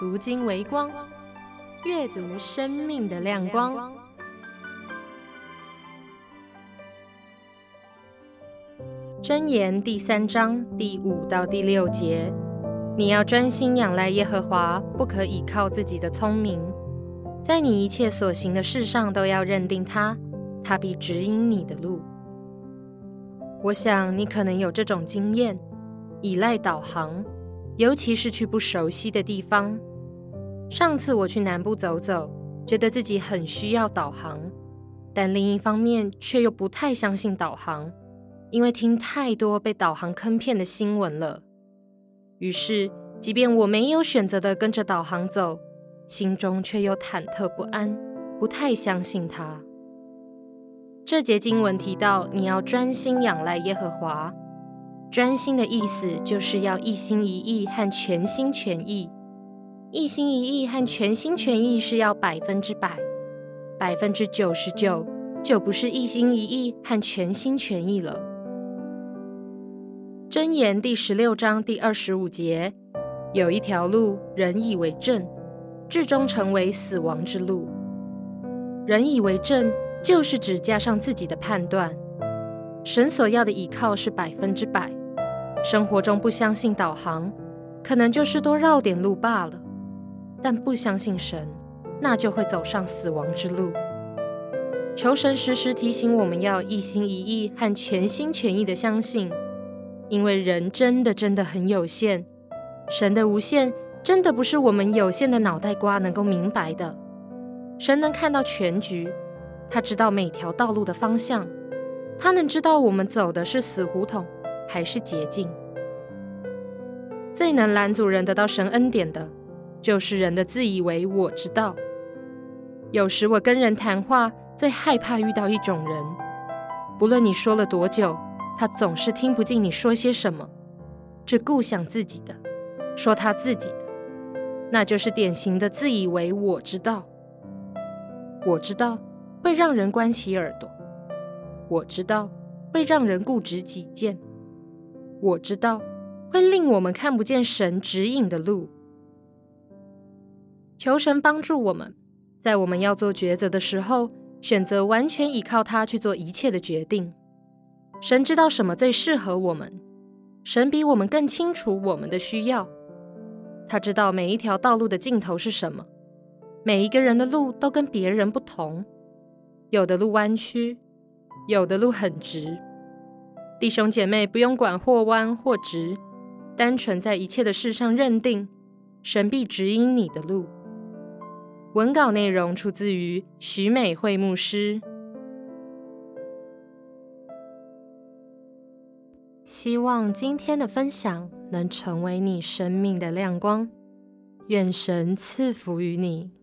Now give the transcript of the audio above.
讀經微光，閱讀生命的亮光。箴言第三章第五到第六節：你要專心仰賴耶和華，不可倚靠自己的聰明，在你一切所行的事上都要認定他，他必指引你的路。我想你可能有這種經驗：依賴導航，尤其是去不熟悉的地方。上次我去南部走走，覺得自己很需要導航，但另一方面卻又不太相信導航，因為聽太多被導航坑騙的新聞了。於是，即便我沒有選擇地跟着導航走，心中卻又忐忑不安，不太相信他。這節經文提到你要專心仰賴耶和華，專心的意思就是要一心一意和全心全意。一心一意和全心全意是要百分之百，百分之九十九就不是一心一意和全心全意了。箴言第十六章第二十五節，有一條路，人以為正，至終成為死亡之路。人以為正，就是指加上自己的判斷。神所要的依靠是百分之百。生活中不相信導航，可能就是多繞點路罷了。但不相信神，那就會走上死亡之路。求神時時提醒我們要一心一意和全心全意的相信，因為人真的真的很有限，神的無限真的不是我們有限的腦袋瓜能夠明白的。神能看到全局，他知道每條道路的方向，他能知道我們走的是死胡同還是捷徑。最能攔阻人得到神恩典的。就是人的自以為我知道。有時我跟人談話，最害怕遇到一種人，不論你說了多久，他總是聽不進你說些什麼，只顧想自己的，說他自己的，那就是典型的自以為我知道。我知道會讓人關起耳朵，我知道會讓人固執己見，我知道會令我們看不見神指引的路。求神幫助我們，在我們要做抉擇的時候，選擇完全依靠他去做一切的決定。神知道什麼最適合我們，神比我們更清楚我們的需要。他知道每一條道路的盡頭是什麼，每一個人的路都跟別人不同。有的路彎曲，有的路很直。弟兄姐妹不用管或彎或直，單純在一切的事上認定，神必指引你的路。文稿內容出自於許美惠牧師。希望今天的分享能成為你生命的亮光，願神賜福於你。